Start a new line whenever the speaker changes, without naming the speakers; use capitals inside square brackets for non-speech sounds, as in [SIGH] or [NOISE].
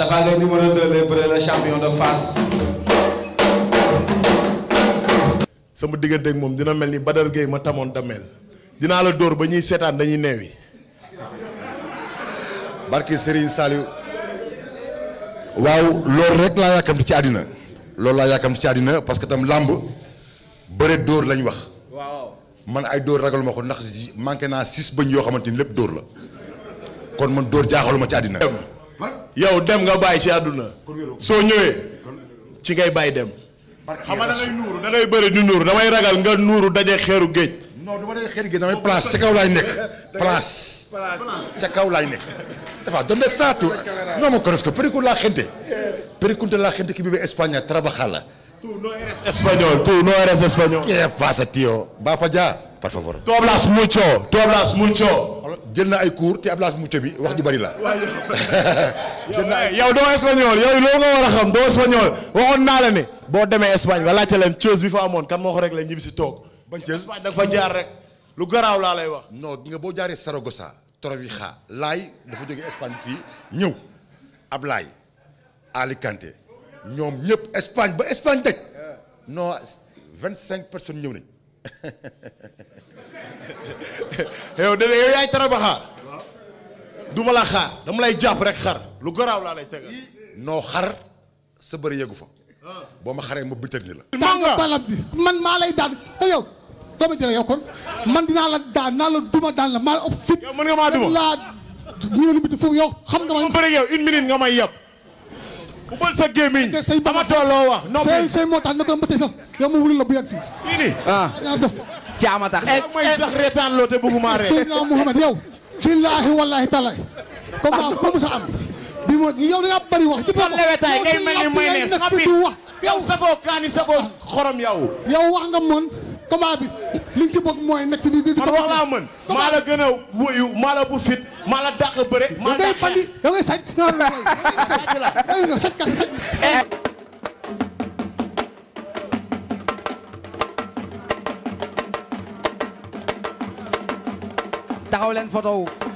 Tapha Gueye numéro 2 lay bëre la champion de Fass. sama diggante moom dina mel ni Badar Gueye ma tamoon dameel dinaa la dóor ba ñuy seetaan dañuy neewi barki Serigne Saliou waaw loolu rek laa yàkkamti ci àddina loolu laa yàkkamti ci àddina parce que tam làmb bëre dóor lañu wax waaw man ay dóor ragal ma ko ndax manqué naa six bëñ yoo xamante ni lépp dóor la kon man dóor jaaxaluma ci àddina yow dem nga bàyyi ci àdduna soo ñëwee ci ngay bàyyi dem xam nga da ngay nuuru da bëri di nuuru damay ragal nga nuuru daje xeeru géej non du ma daje xeeru géej damay place ca kaw lay nekk
[LAUGHS] place ca kaw
laay nekk dafa donde staatu no mo conozco pero con la gente pero con la gente que vive en España trabajarla Tú no eres español, tú no eres español. ¿Qué pasa, tío? Va para allá, por favor. Tú hablas mucho, tú hablas mucho. jël na ay cours te Ablaye Mouté bi wax ji bari la. [LAUGHS] jël na yow doo espagnol yow loolu nga war a xam doo espagnol waxoon naa la ne. boo demee Espagne nga laajte leen chose bi fa amoon kan moo ko réglé ñibbi si toog. ban chose Espagne da nga rek lu garaaw laa lay wax. non nga boo jaaree Saragossa Torrevieja laay dafa jógee Espagne fii ñëw Ablaye Alicante ñoom ñëpp Espagne ba Espagne daj non vingt cinq personnes ñëw nañ. yow dégg yow yaay tarabaxaa du ma la xaar dama lay jàpp rek xar lu garaaw laa lay tegal noo xar sa bëri yëgu fa boo ma xaree ma bëtëg ni la
tànga lay daan te yow doo ma jëlee yow kon man dinaa la daan naa la duma daan la maa ëpp fit yow mën laa xam nga ma bëri yow may yàpp ubbal sa gémmiñ. amatoo loo wax noppi sëy moo tax na ko mbëtte sax yow ma wul la bu yàgg fii. fii nii ah ñaa dof. caama tax mooy eh, eh. sax reetaan loo te bëgguma ree. Seydina Mouhamed yow. billaahi wallaahi taala. comme ba mu sa am. bi mo yow da ngaa bëri wax. ci fan lewetaay ngay mel ni mooy ne yow yow. yow wax nga moon combat bi li nga ci bëgg mooy nekk si di di. man wax laa mën maa la gën a wuyu maa la bu fit maa la dàq bëre. maa dàq fandi yow ngay sàcc nga taxaw leen photo